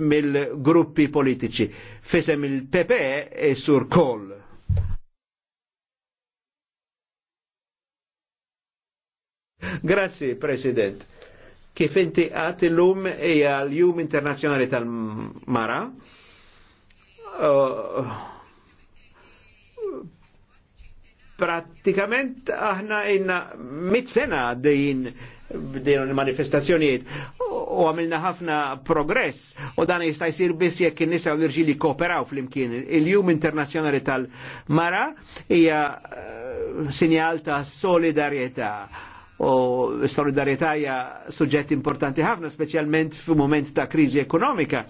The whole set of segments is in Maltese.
mill-gruppi politiċi. Fisem il pp e sur kol. Grazzi, President. Kif inti għat il lum hija l-Jum internazjonali tal-Mara. Uh, pratikament aħna inna mit sena dejjin b'din il-manifestazzjonijiet u għamilna ħafna progress u dan jista' jsir biss jekk in-nisa u l irġili kooperaw flimkien. Il-Jum Internazzjonali tal-Mara hija eh, sinjal ta' solidarjetà u solidarjetà hija suġġett importanti ħafna, speċjalment f'mument ta' kriżi ekonomika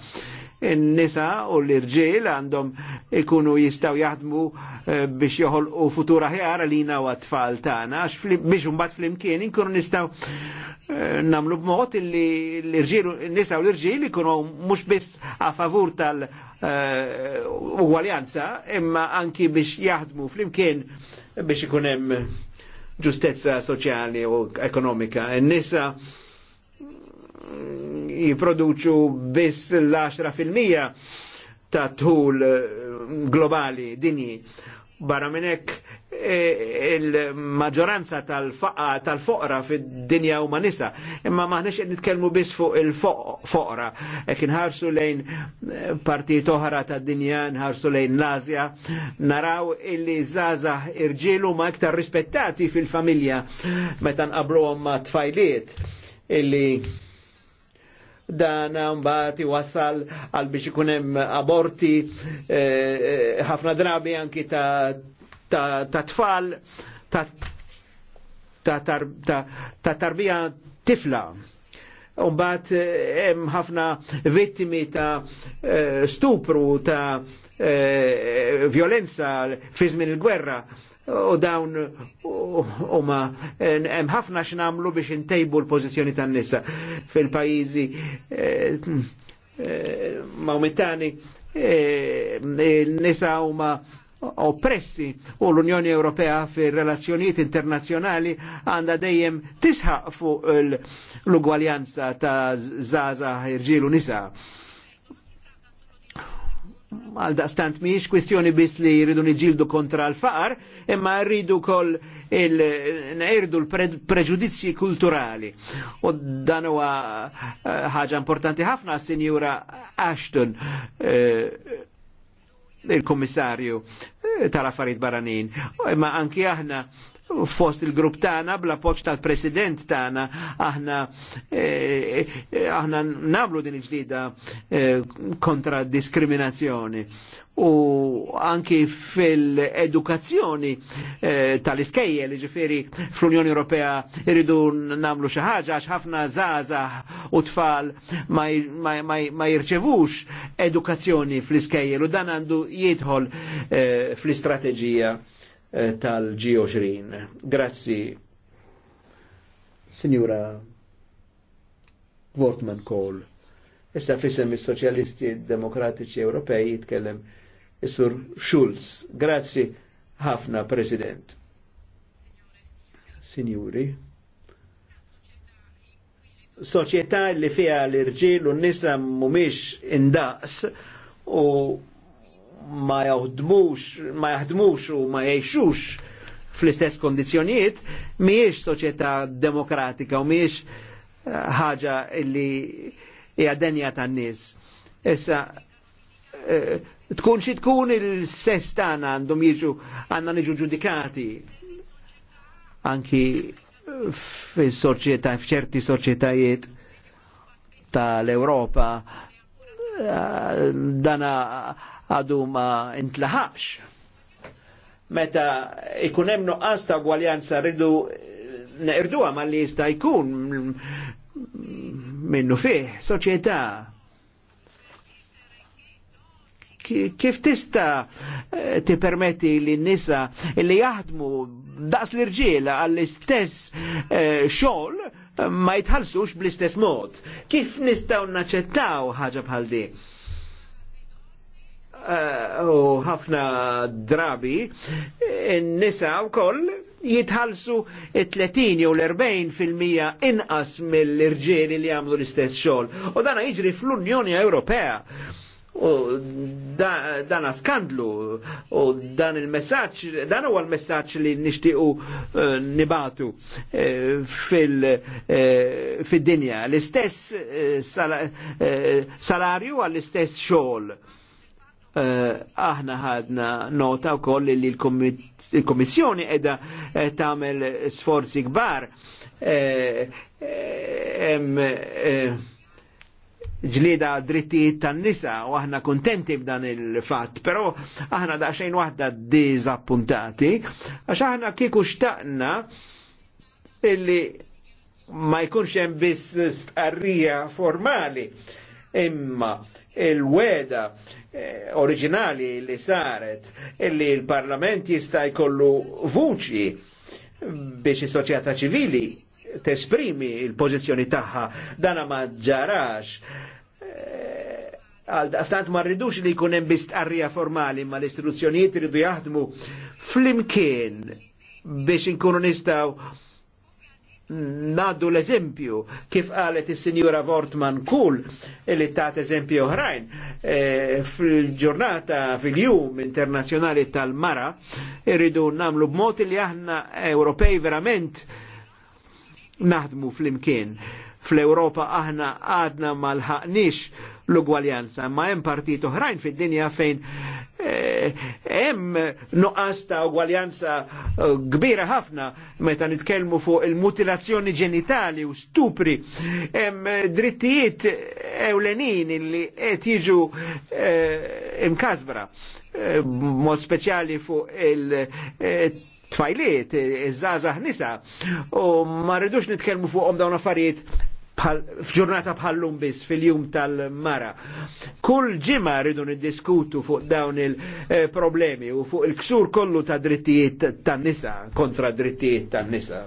in nisa u l-irġiel għandhom ikunu jistaw jaħdmu eh, biex joħolqu futura ħjara lina jina u għatfall tagħna għax biex mbagħad flimkien inkunu nistaw namlu b'mod li l-irġiel nisa u l-irġiel ikunu mhux bis a favur tal eh, ugwaljanza imma anki biex jaħdmu flimkien biex ikun hemm ġustezza soċjali u ekonomika. N-nisa jiproduċu biss l-10% ta' tħul globali dinji Barra minnek e, il-maġoranza tal-foqra tal fid-dinja huma nisa, imma maħnex qed nitkellmu biss fuq il-foqra, hekk inħarsu lejn e, partit oħra tad-dinja, nħarsu lejn l naraw illi zaza irġiel huma iktar rispettati fil-familja meta nqabluhom ma' tfajliet illi dan mbati wasal għal biex ikun hemm aborti eh, eh, ħafna drabi anki ta' tfal ta' tarbija tifla. Umbat eh, hemm ħafna vittimi ta' stupru, ta' violenza fi żmien il-gwerra u dawn huma hemm ħafna x'namlu biex intejbu l-pożizzjoni tan-nisa fil-pajjiżi eh, eh, Mawmittani n-nisa eh, huma oppressi u l-Unjoni Ewropea fir relazzjonijiet internazzjonali għandha dejjem tisħaq fuq l-ugwaljanza ta' zaza irġilu nisa għal daqstant miex kwistjoni biss li jridu niġildu kontra l-faqar, imma jridu kol il-erdu l-preġudizzi kulturali. U dan huwa eh, ħaġa importanti ħafna sinjura Ashton, eh, il-Kommissarju eh, tal-Affarijiet Baranin, imma anki aħna fost il-grupp tana bla poċ tal-president tana aħna eh, eh, aħna namlu din il-ġlida eh, kontra diskriminazzjoni u anki fil-edukazzjoni tal-iskejje li ġifiri fl-Unjoni Ewropea iridu namlu xi ħaġa għax ħafna zaza u tfal ma, jirċevux edukazzjoni fl-iskejje u dan għandu jidħol fl-istrateġija Eh, tal-G20. Grazzi, Signora Wortman Kohl. Issa fissem il-Soċjalisti Demokratiċi Ewropej jitkellem Isur Schulz. Grazzi ħafna, President. Signori. Soċjetà li fija l irġil u n-nisa mumiex indaqs u ma jaħdmux, ma jaħdmux u ma jiexux fl-istess kondizjonijiet, miex soċjetà demokratika u miex eh, ħaġa illi hija denja tan-nies. Issa eh, tkun xi tkun il-sess tagħna għandhom jiġu għandna niġu ġudikati anki fis-soċjetà f'ċerti soċjetajiet tal-Ewropa Eh, dana għadu ma intlaħax. Meta ikun hemm nuqqas ta' gwaljanza rridu neqrdu ma li jista' jkun minnu fih, soċjetà. Kif tista eh, ti permetti li nisa li jaħdmu daqs l-irġiela għall-istess eh, xogħol ma jitħallsux bl-istess mod. Kif nistgħu naċċettaw ħaġa bħal di? Eh, u ħafna drabi, n-nisa wkoll jitħallsu 30 jew l-40 fil-mija inqas mill-irġieli li għamlu l-istess xogħol. U dan jiġri fl-Unjoni Ewropea U da, dana skandlu u dan il-messaċ, dan huwa l-messaċ li nixtiqu uh, eh, nibatu uh, eh, fil-dinja. Uh, fil eh, l-istess uh, sal uh, salarju għall-istess xogħol. Uh, aħna ħadna nota u koll li l-Komissjoni edha eh, tamel sforzi kbar. uh, eh, eh, ġlida drittijiet tan-nisa u aħna kontenti b'dan il-fatt, però aħna daqsxejn waħda diżappuntati għax aħna kieku xtaqna illi ma jkunx hemm biss stqarrija formali imma il-weda eh, oriġinali li saret illi l-Parlament jista' jkollu vuċi biex is-soċjetà ċivili tesprimi il-pożizzjoni tagħha dana ma ġarax. Għal ma rridux li jkun hemm bistqarrija formali ma l-istituzzjonijiet iridu jaħdmu flimkien biex inkunu nistaw naddu l-eżempju kif qalet is-Sinjura Vortman Kull li tat eżempju oħrajn e, fil-ġurnata fil-jum internazzjonali tal-mara irridu namlu b'mod li aħna Ewropej verament naħdmu fl-imkien. Fl-Europa aħna għadna mal-ħaqnix l-ugwaljanza, ma hemm partit oħrajn fid-dinja fejn eh, hemm eh, nuqqas ta' ugwaljanza eh, kbira ħafna meta nitkellmu fuq il-mutilazzjoni ġenitali u stupri, hemm drittijiet ewlenin li qed jiġu eh, imkasbra eh, mod speċjali fuq il tfajliet, iż-żaza nisa, u ma rridux nitkellmu fuqhom dawn affarijiet f'ġurnata bħallum biss fil-jum tal-mara. Kull ġimma rridu niddiskutu fuq dawn il-problemi u fuq il-ksur kollu ta' drittijiet tan-nisa kontra drittijiet tan-nisa.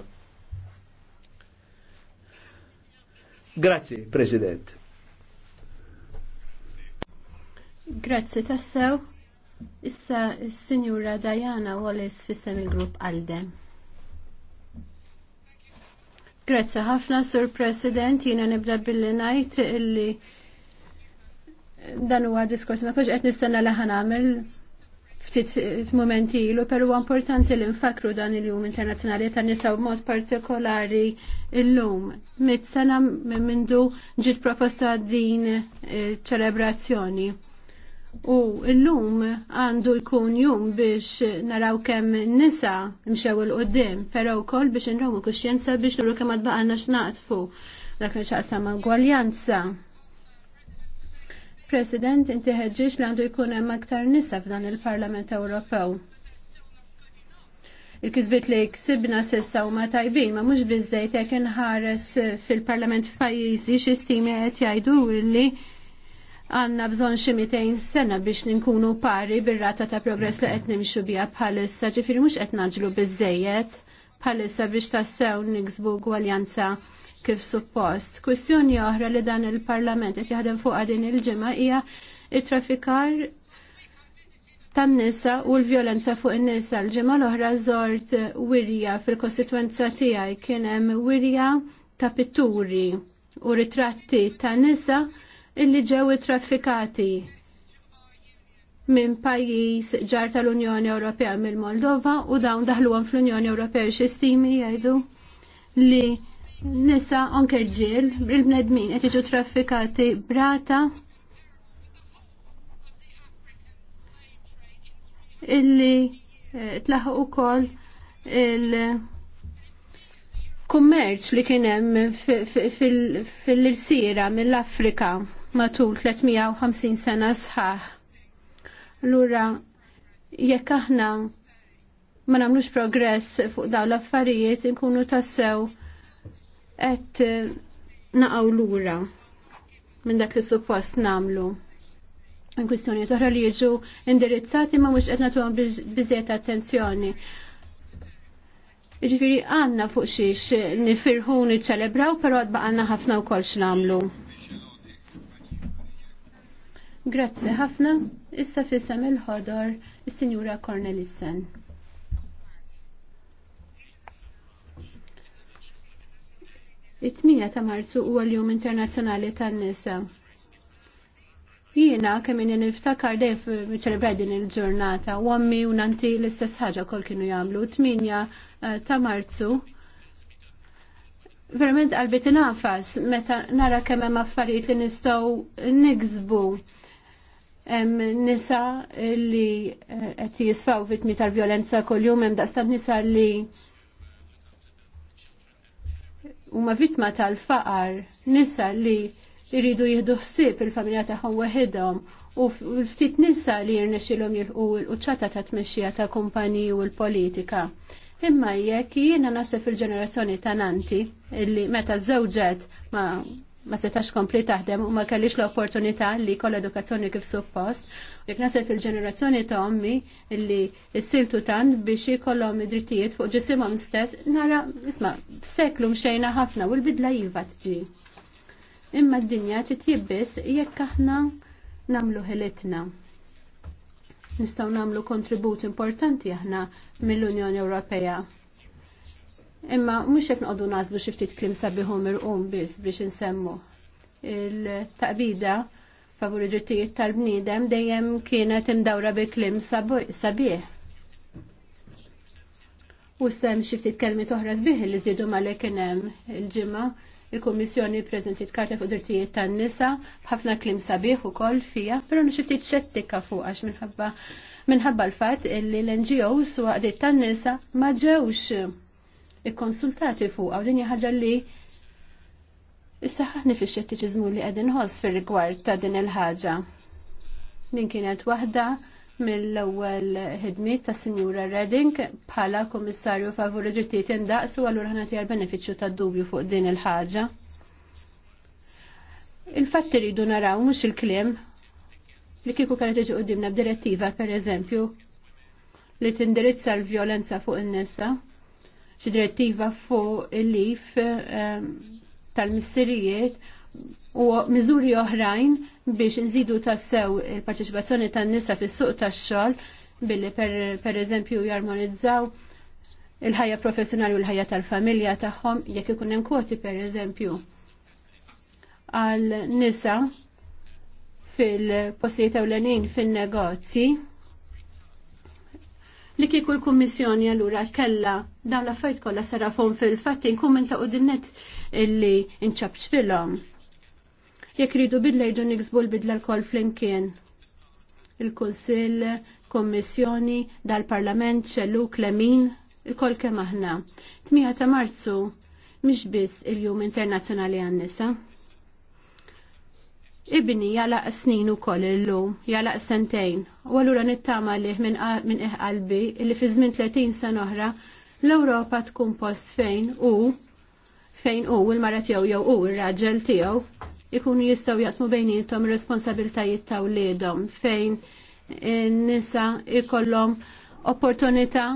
Grazzi, President. Grazzi tassew. Issa s-Sinjura Diana Wallace fis il-grupp Alde. Grazzi ħafna, Sur President, jina nibda billi najt illi dan huwa diskors ma kux qed nistenna li nagħmel ftit momenti ilu, pero importanti li nfakru dan il-jum internazzjonali ta' nisa b'mod partikolari il-lum. Mit sena mindu ġit proposta din eh, ċelebrazzjoni. U l-lum għandu jkun jum biex naraw kemm nisa mxew il-qoddim, pero wkoll biex nrawmu kuxjenza biex nuru kemm għanna x'naqtfu dak li xaqsam gwaljanza. President, inti li għandu jkun hemm aktar nisa f'dan il-Parlament Ewropew il-kizbit li ksibna sissa u ma tajbin, ma mux bizzejt jek nħares fil-parlament f'pajizi xistimi għet jajdu li għanna bżon xi 200 sena biex ninkunu pari bir-rata ta' progress li qed nimxu biha bħalissa, ġifieri mhux qed naġlu bħalissa biex tassew niksbu għaljanza kif suppost. Kwistjoni oħra li dan il-Parlament qed jaħdem fuq din il-ġimgħa hija it-traffikar tan-nisa u l-vjolenza fuq in-nisa. L-ġimgħa l-oħra żort wirja fil-kostitwenza tiegħi kien hemm wirja ta' pitturi u ritratti ta' nisa illi ġew traffikati minn pajjiż ġar tal-Unjoni Ewropea mill-Moldova u dawn daħluhom fl-Unjoni Ewropea xi stimi jgħidu li nisa anke ġiel il-bnedmin qed jiġu traffikati brata illi eh, tlaħu ukoll il kummerċ li kien hemm fil-sira mill-Afrika matul 350 sena sħaħ. Lura, jekk aħna ma nagħmlux progress fuq dawn l-affarijiet inkunu tassew qed eh, naqgħu lura minn dak li suppost nagħmlu Inkwistjoni toħra li jiġu indirizzati ma mhux qed nagħtuhom biżejjed attenzjoni. Ġifiri għanna fuq xiex nifirħu niċċelebraw, pero għadba għanna ħafna u kol xnamlu. Grazzi ħafna, issa fissam il-ħodor il-Sinjura Cornelissen. It-8 ta' Marzu huwa l-Jum Internazzjonali tan-Nisa. Jiena kemm inni niftakar dejf ċelebraj din il-ġurnata u ammi u nanti l-istess ħaġa kol kienu jagħmlu. 8 eh, ta' Marzu verament qalbi tinafas meta nara kemm hemm affarijiet li nistgħu nigżbu nisa li eh, qed jisfaw vittmi tal-vjolenza kuljum hemm daqstant nisa li huma vittma tal-faqar, nisa li jridu jieħdu ħsieb il-familja tagħhom weħidhom u ftit nisa li jirnexilhom jilqu l-quċċata ta' tmexxija ta' kumpaniji u l-politika. Imma jekk jiena nasef il-ġenerazzjoni ta' nanti illi meta żewġet ma' ma setax kompli taħdem u ma kellix l-opportunità li koll edukazzjoni kif suppost. U jek naset il-ġenerazzjoni ta' ommi li s-siltu tant biex jikollhom id-drittijiet fuq ġisimhom stess, nara, isma, seklu mxejna ħafna u l-bidla jiva tġi. Imma d-dinja titjibbis jekk aħna namlu ħelitna. Nistaw namlu kontribut importanti aħna mill-Unjoni Ewropea Imma mhux qed noqogħdu nażlu xiftit ftit klim sabiħhom irqum biss biex insemmu. Il-taqbida favur id-drittijiet tal-bniedem dejjem kienet imdawra bi klim sabiħ. U sem xi ftit kelmi toħra sbieħ li zidu malek kien hemm il-ġimgħa il-Kommissjoni prezentit karta fuq drittijiet tan-nisa b'ħafna klim sabiħ ukoll fija, però nixiftit xettika fuq għax minħabba minħabba l-fatt li l-NGOs waqdiet tan-nisa ma ġewx ikkonsultati fuq għaw din ħaġa li issa ħafna fi xettiċizmu li qegħdin ħoss fir-rigward ta' din il-ħaġa. Din kienet waħda mill-ewwel ħidmiet ta' Sinjura Redding bħala Kummissarju favur ġittiet indaqsu allura ħana tiegħi benefiċċju ta' dubju fuq din il-ħaġa. Il-fatt iridu naraw mhux il-kliem li kieku kienet tiġi direttiva per pereżempju li tindirizza l-vjolenza fuq in nessa xi direttiva fuq il-lif ehm, tal-missirijiet u miżuri oħrajn biex nżidu tassew il-parteċipazzjoni tan-nisa fis-suq tax-xogħol billi per eżempju jarmonizzaw il-ħajja professjonali u l-ħajja tal-familja tagħhom jekk ikun hemm kwoti per eżempju għal nisa fil-postijiet ewlenin fin-negozji li kieku l-Kummissjoni allura kella dawn l-affarijiet kollha sarafhom fil-fatt inkun minn ta' qudinnet illi fil-om. Jekk ridu bidla jdu niksbu l-bidla l koll flimkien. Il-Kunsill, Kommissjoni, dal-Parlament, ċellu, lemin, il koll kemm aħna. 8 ta' Marzu mhix biss il-Jum Internazzjonali għan-nisa. Ibni jalaq snin ukoll illum, jala sentejn, u allura nittama lih minn qalbi illi fi żmien 30 sena oħra l-Ewropa tkun post fejn u fejn u l-mara tiegħu jew u r raġel tiegħu ikunu jistgħu jaqsmu bejnietom responsabiltajiet ta' wliedhom fejn nisa ikollhom opportunità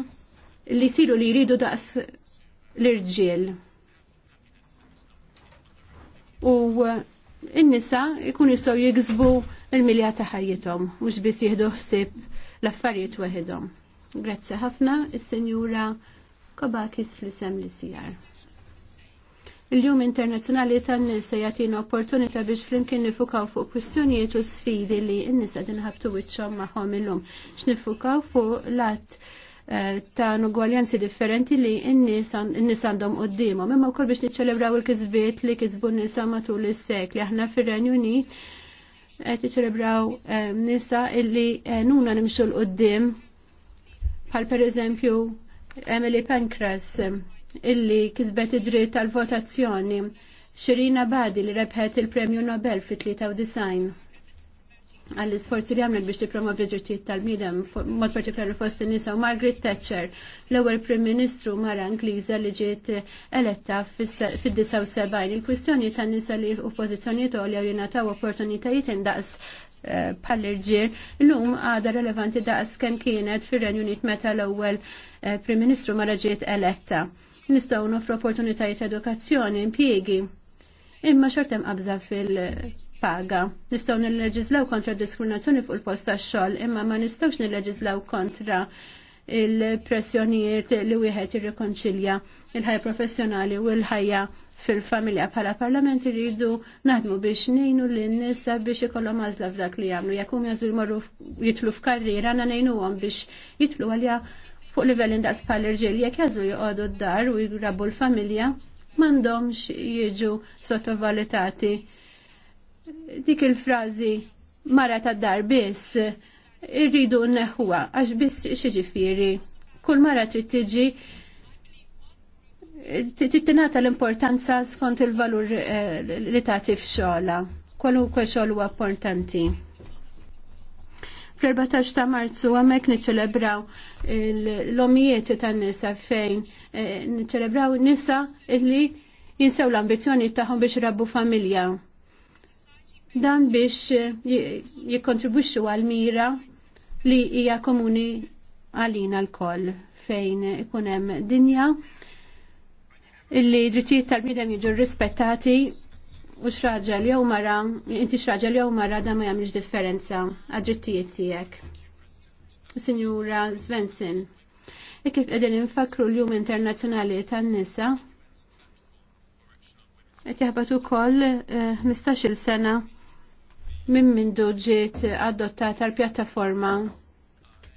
li jsiru li jridu daqs l-irġiel. U n-nisa ikun jistgħu jiksbu il-milja ta' ħajjithom, mhux biss jieħdu ħsieb l-affarijiet weħidhom. Grazzi ħafna, is-Sinjura Kobakis fl-isem li sijar. Il-Jum Internazzjonali tan-nisa jagħtina opportunità biex flimkien nifukaw fuq kwistjonijiet u sfidi li n-nisa dinħabtu wiċċhom magħhom illum. X'nifukaw fuq lat eh, ta' nugwaljanzi differenti li n-nis għandhom d-dimu. Imma wkoll biex niċċelebraw il-kisbiet li kizbu n-nisa matul is-sekli. Aħna fir-Renju Unit qed niċċelebraw eh, nisa illi eh, nuna nimxu l-qoddim per pereżempju Emily Pankras illi kisbet id-dritt tal votazzjoni Xirina Badi li rebħet il-Premju Nobel fit-93 għall isforzi li għamlet biex tipromovi ġirtiet tal-midem, mod partikolari fost nisa u Margaret Thatcher, l-ewwel Prim Ministru mara Ingliża li ġiet eletta fid-79. Il-kwistjoni tan-nisa li u pożizzjonijiet għolja jingħataw opportunitajiet indaqs bħall-irġiel, eh, l-lum għada relevanti daqs kemm kienet fir-Renju Unit meta l-ewwel Eh, prim ministru ma raġiet eletta. Nistgħu nofru opportunitajiet edukazzjoni, impjiegi. Imma xortem qabża fil-paga. Nistgħu nilleġislaw kontra diskriminazzjoni fuq il-post tax-xogħol, imma ma nistgħux nilleġislaw kontra il-pressjonijiet li wieħed irrikonċilja il-ħajja professjonali u l-ħajja fil-familja bħala parlament irridu naħdmu biex nejnu l-nisa biex ikollhom għażla f'dak li jagħmlu. Jekk hum jażlu jitlu f'karriera għandna nejnuhom biex jitlu għalja fuq livell indaqs pal irġiel jekk jażu joqogħdu d-dar u jgrabu l-familja m'għandhomx jiġu sottovalutati. Dik il-frażi mara tad dar biss irridu nneħħuha għax biss xiġifieri. Kull mara trid tiġi tittinata l-importanza skont il-valur eh, li tagħti xogħla. Kwalunkwe xogħol huwa importanti. Fl-14 ta' marzu għamek niċelebraw l-omijiet ta' nisa fejn eh, niċelebraw nisa illi jinsew l-ambizjoni tagħhom biex rabbu familja. Dan biex eh, jikontribuċu għal-mira li hija komuni għalina l-koll fejn ikun hemm dinja illi drittijiet tal-bniedem jiġu rispettati u xraġel jew mara, inti xraġel jew mara da ma jagħmilx differenza għad-drittijiet tiegħek. Sinjura Svensson, e kif qegħdin infakru l-Jum Internazzjonali tan-nisa, qed jaħbad ukoll 15-il eh, sena minn mindu ġiet adottata l-pjattaforma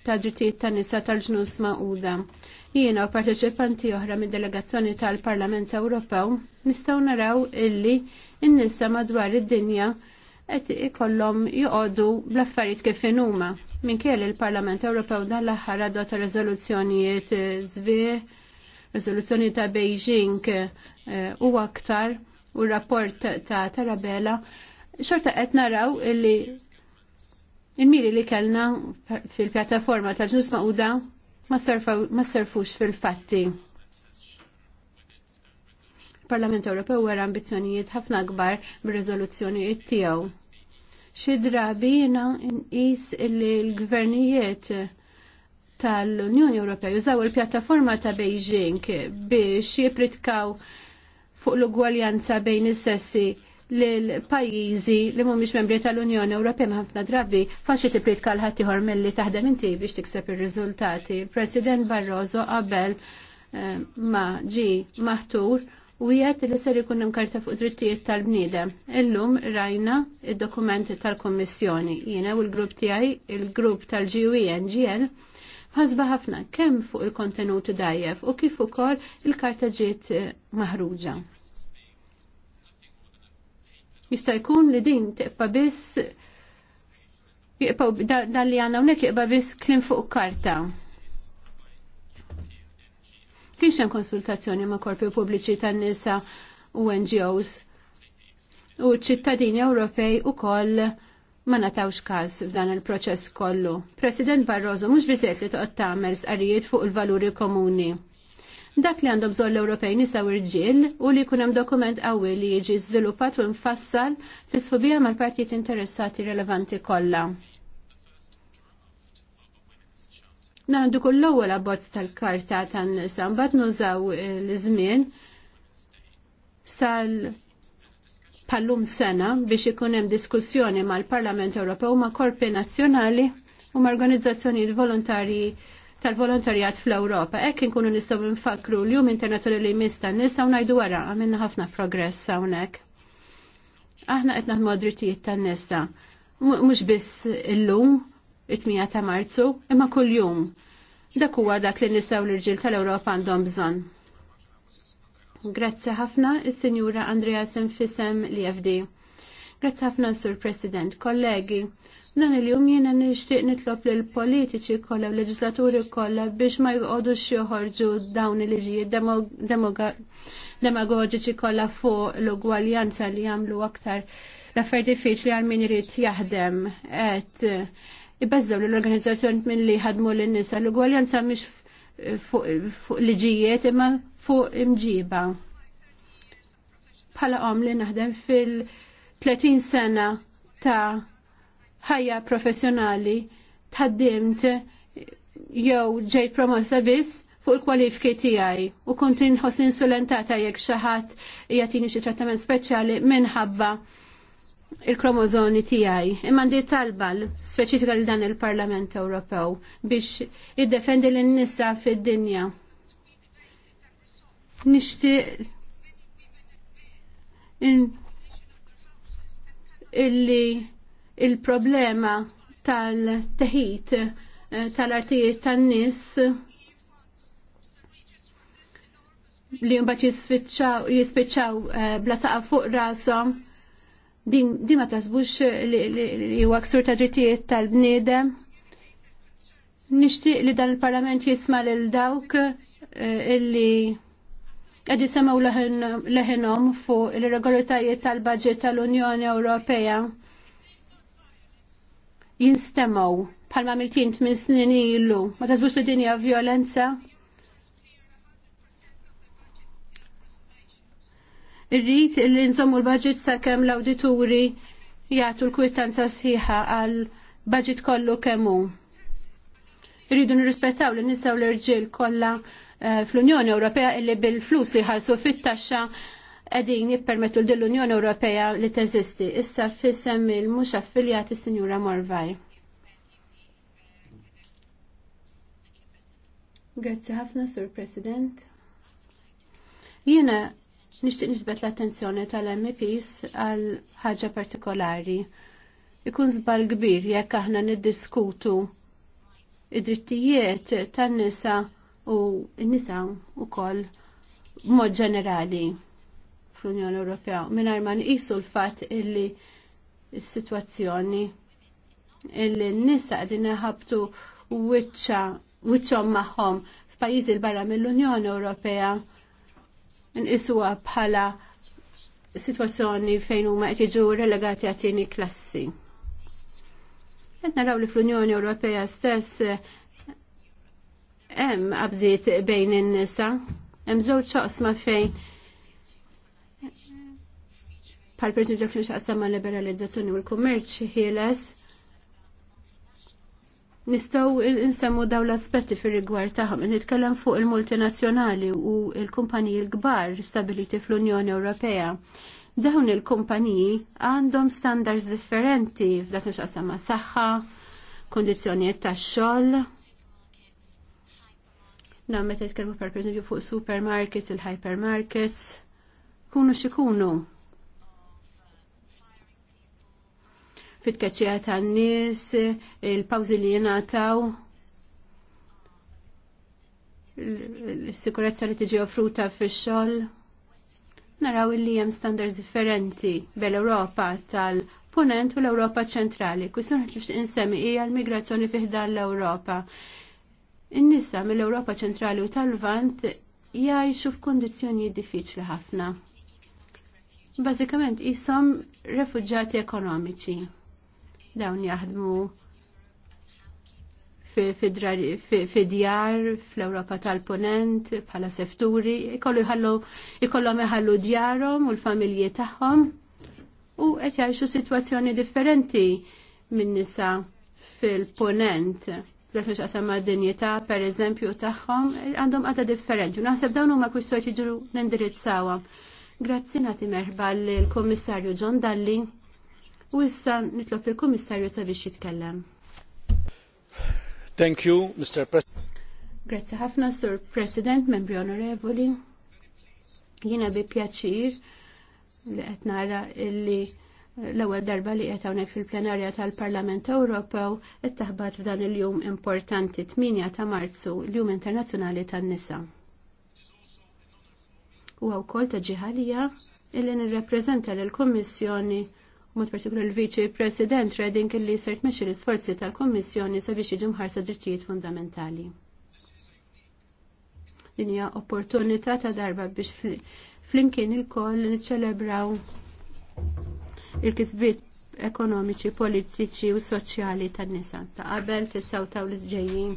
ta' drittijiet tan-nisa tal-ġnus Magħquda jiena u parteċipanti oħra mid delegazzjoni tal-Parlament Ewropew nistgħu naraw illi n-nisa madwar id-dinja qed ikollhom joqogħdu bl-affarijiet kif huma. kiel il-Parlament Ewropew dan l-aħħar adotta riżoluzzjonijiet eh, żvir, riżoluzzjoni ta' Beijing eh, u aktar u rapport ta' Tarabella xorta qed naraw illi il-miri li kellna fil-pjattaforma tal-ġnus da' ma serfux fil-fatti. Parlament Ewropew wera ambizzjonijiet ħafna kbar bir-riżoluzzjonijiet tiegħu. Xi drabi jiena nqis li l-gvernijiet tal-Unjoni Ewropea jużaw il-pjattaforma ta' Beijing biex jipritkaw fuq l-ugwaljanza bejn is-sessi l-pajjiżi li mhumiex membri tal-Unjoni Ewropea ma ħafna drabi faċli tiprit kalħat ieħor milli taħdem inti biex tikseb ir-riżultati. President Barroso qabel eh, ma ġi maħtur u jgħet li ser ikun karta fuq drittijiet tal-bniedem. Illum rajna id-dokument tal-Kommissjoni. Jiena u l-grupp tiegħi, il-grupp tal-GUNGL, e ħasba ħafna kemm fuq il-kontenuti dajjef u kif ukoll il-karta ġiet maħruġa. Jista' jkun li din teqba' biss jiqpaw dan li għandna hawnhekk jiqba biss klim fuq karta. Kienx hemm konsultazzjoni ma' korpi pubbliċi tan-nisa u NGOs. U ċittadini Ewropej ukoll ma natawx każ f'dan il-proċess kollu. President Barroso mhux biżejt li toqgħod tagħmel sqarijiet fuq il-valuri komuni dak li għandhom bżonn l-Ewropej nisaw irġiel u li jkun hemm dokument qawwi li jiġi żviluppat u mfassal fi sħubija mal-partijiet interessati rilevanti kollha. Nandu kull l-ewwel abbozz tal-karta tan-nisa mbagħad nużaw l-żmien sal pallum sena biex ikun hemm diskussjoni mal-Parlament Ewropew ma' korpi nazzjonali u ma' organizzazzjonijiet volontarji tal-volontarjat fl-Ewropa. Ekk inkunu nistgħu nfakru l-Jum Internazzjonali Mista nisa u ngħidu wara għamilna ħafna progress hawnhekk. Aħna qed naħdmu drittijiet tan-nisa. Mhux biss illum, it tmija ta' Marzu, imma kuljum. Dak huwa dak li nisa u l-irġiel tal-Ewropa għandhom bżonn. Grazzi ħafna is-Sinjura Andrea Senfisem li e FD. Grazzi ħafna Sur President, kollegi li jom jena jiena nixtieq nitlob l politiċi kollha u leġislaturi kollha biex ma jqogħdux joħorġu dawn il-liġijiet demagogiċi kollha fuq l-ugwaljanza li jagħmlu aktar l-affer diffiċli għal min irid jaħdem qed ibbeżżew l-organizzazzjoni minn li ħadmu lin-nisa l-ugwaljanza mhix fuq liġijiet imma fuq imġiba. Pala om li naħdem fil-30 sena ta' ħajja professjonali tħaddimt jew ġejt promossa biss fuq il-kwalifiki tiegħi u kont inħoss insulentata jekk xi ħadd jagħtini xi trattament speċjali minħabba il-kromozoni tiegħi. Imma għandi talba speċifika lil dan il-Parlament Ewropew biex iddefendi lin nisa fid-dinja. Nixtieq illi il-problema tal-teħid eh, tal-artijiet tan-nies li mbagħad jispiċċaw eh, bla saqa fuq rashom din ma tasbux li huwa ksur ta' ġitijiet tal-bniedem. Nixtieq li dan il-Parlament jisma' lil dawk eh, illi qed jisemaw leħenhom fuq il-regolitajiet tal baġit tal-Unjoni Ewropea jinstemaw palma mil-tint minn snin ilu. Ma tazbux li dinja violenza. Irrit li nżommu l-budget sakemm l-awdituri jagħtu l-kwittanza sħiħa għal budget kollu kemmu. Irridu nirrispettaw li u l-irġiel kollha eh, fl-Unjoni Ewropea illi bil-flus li ħallsu fit-taxxa qegħdin jippermetu l unjoni Ewropea li teżisti. Issa fissem il-mhux affiljati Sinjura Morvaj. Grazzi ħafna, Sur President. Jiena nixtieq nisbet l-attenzjoni tal-MPs għal ħaġa partikolari. Ikun żball kbir jekk aħna niddiskutu id-drittijiet tan-nisa u n-nisa u koll mod ġenerali fl-Unjoni Ewropea mingħajr ma nqisu l-fatt illi s-sitwazzjoni illi n-nisa qegħdin iħabtu wiċċa wiċċhom magħhom f'pajjiżi l-barra mill-Unjoni Ewropea nqisuha bħala situazzjoni fejn huma qed jiġu relegati għatini klassi. Qed naraw li fl-Unjoni Ewropea stess hemm qabżiet bejn in-nisa, hemm żewġ ċoqsma fejn pal per dak li xaqsam liberalizzazzjoni u l-kummerċ ħieles nistaw insemmu daw l-aspetti fir rigward tagħhom. Nitkellem fuq il-multinazzjonali u l-kumpaniji l-kbar stabiliti fl-Unjoni Ewropea. Dawn il-kumpaniji għandhom standards differenti f'dak li ma' saħħa, kondizzjonijiet tax-xogħol. Nam meta jitkellmu per fuq supermarkets, il-hypermarkets, kunu xikunu. kunu fit-kaċċija tan-nies, il-pawżi li jingħataw l-sikurezza li tiġi offruta fix-xogħol. Naraw li hemm standards differenti bel-Ewropa tal-Punent u l-Ewropa ċentrali. Kwisun insemmi hija l-migrazzjoni fih dan l-Ewropa. In-nisa mill-Ewropa ċentrali u tal-Vant jgħixu f'kondizzjoni diffiċli ħafna. Bażikament ishom refuġġati ekonomiċi dawn jaħdmu fid-djar fl-Ewropa tal-Ponent bħala sefturi, ikollu jħallu ikollhom iħallu djarhom u l-familji tagħhom u qed jgħixu sitwazzjoni differenti minn nisa fil-Ponent fl-għax qasam ma' dinjità pereżempju tagħhom għandhom għadha differenti. U naħseb dawn huma kwistwa jiġru nindirizzawhom. Grazzi nagħti merħba lill-Kummissarju John Dalli. U issa nitlob il-Kummissarju sabiex jitkellem. Thank you, Mr. President. Grazie ħafna, Sur President, membri onorevoli. Jina bi pjaċir li qed nara illi l-ewwel darba li qed hawnhekk fil-plenarja tal-Parlament Ewropew qed taħbad f'dan il-jum importanti 8 ta' Marzu, l-Jum Internazzjonali tan-Nisa. U wkoll ta' ġiħalija illi nirrappreżenta lill-Kummissjoni mod partikolar il-Viċi President Redding li ser tmexxi l-isforzi tal-Kommissjoni sabiex jiġu mħarsa drittijiet fundamentali. Din hija opportunità ta' darba biex flimkien il-koll niċċelebraw il-kisbiet ekonomiċi, politiċi u soċjali tan-nisa ta' qabel fis-sawtaw l-ġejjin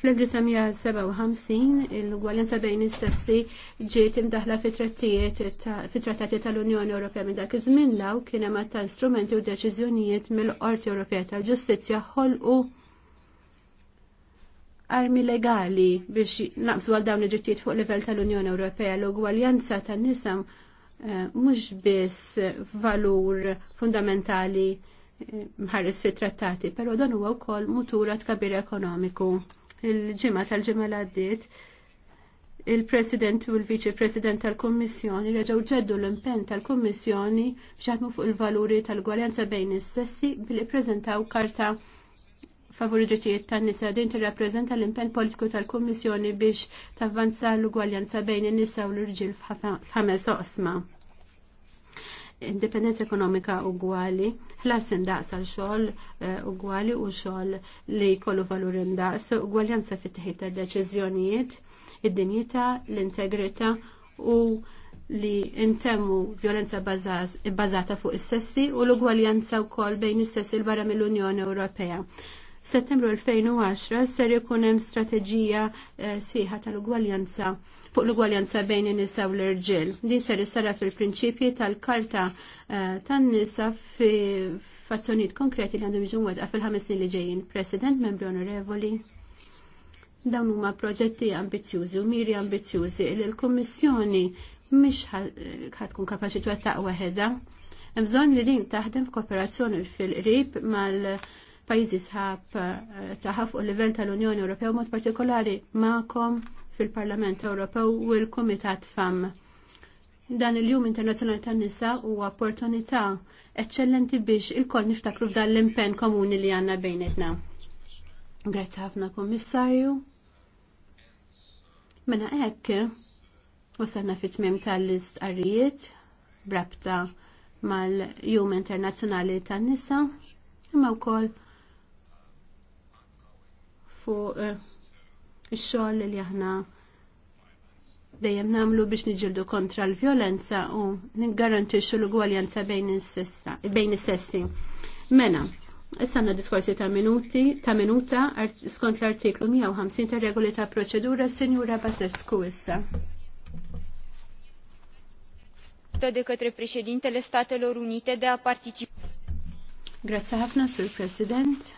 Fl-1957 il-gwaljanza bejn is-sessi ġiet imdaħla fit-trattati tal-Unjoni Ewropea minn dak iż-żmien law kien hemm ta' strumenti u deċiżjonijiet mill-Qorti Ewropea tal-Ġustizzja ħolqu armi legali biex naqbżu għal dawn il-ġittijiet fuq livell tal-Unjoni Ewropea l-ugwaljanza tan-nisa eh, mhux biss valur fundamentali eh, mħares fit trattati, pero dan huwa wkoll mutura tkabir ekonomiku il-ġimgħa tal-ġimgħa għaddiet il-President u l-Viċi President tal-Kommissjoni reġgħu ġeddu l-impenn tal-Kommissjoni b'xaħdmu fuq il-valuri tal-gwaljanza bejn is-sessi billi ppreżentaw karta favur id-drittijiet tan-nisa din tirrappreżenta l-impenn politiku tal-Kummissjoni biex tavvanza l-ugwaljanza bejn in-nisa u l-irġiel f'ħames oqsma indipendenza ekonomika ugwali, ħlas indaqs għal xogħol eh, ugwali u xogħol li jkollu valur indaqs, ugwaljanza fit-teħid tad-deċiżjonijiet, id-dinjità, l-integrità u li intemmu violenza bazata fuq is-sessi u l-ugwaljanza wkoll bejn is-sessi l barra mill-Unjoni Ewropea settembru 2010 ser ikun hemm strateġija eh, sieħa tal-ugwaljanza fuq l-ugwaljanza bejn in-nisa u l-irġiel. Din ser issara fil-prinċipji tal-Karta eh, tan-nisa fi fazzjonijiet konkreti li għandhom jiġu wedqa fil-ħames snin li ġejjin. President, membri onorevoli, dawn huma proġetti ambizjużi u miri ambizjużi li l-Kummissjoni mhix ħadkun kapaċi twettaq waħedha. Hemm bżonn li din taħdem f'kooperazzjoni fil-qrib mal- pajjiżi sħab eh, taħaf u livell tal-Unjoni Ewropew mod partikolari ma'kom fil-Parlament Ewropew u l-Kumitat FAM. Dan il-Jum Internazzjonali tan-Nisa huwa opportunità eċċellenti biex il-koll niftakru f'dan l-impenn komuni li għandna bejnietna. Grazzi ħafna Kummissarju. Mena hekk, wasalna fit-tmiem tal-list arrijiet brabta mal-Jum Internazzjonali tan-Nisa imma wkoll fuq eh, ix-xogħol li aħna dejjem nagħmlu biex niġildu kontra l violenza u niggarantixxu l-ugwaljanza bejn is-sessi. Mena, issa għandna diskorsi ta' minuti ta' minuta skont l-artiklu 150 ta' regoli ta' proċedura Sinjura Basescu issa. de preċedinte l Statelor Unite de a Grazie ħafna, Sur President.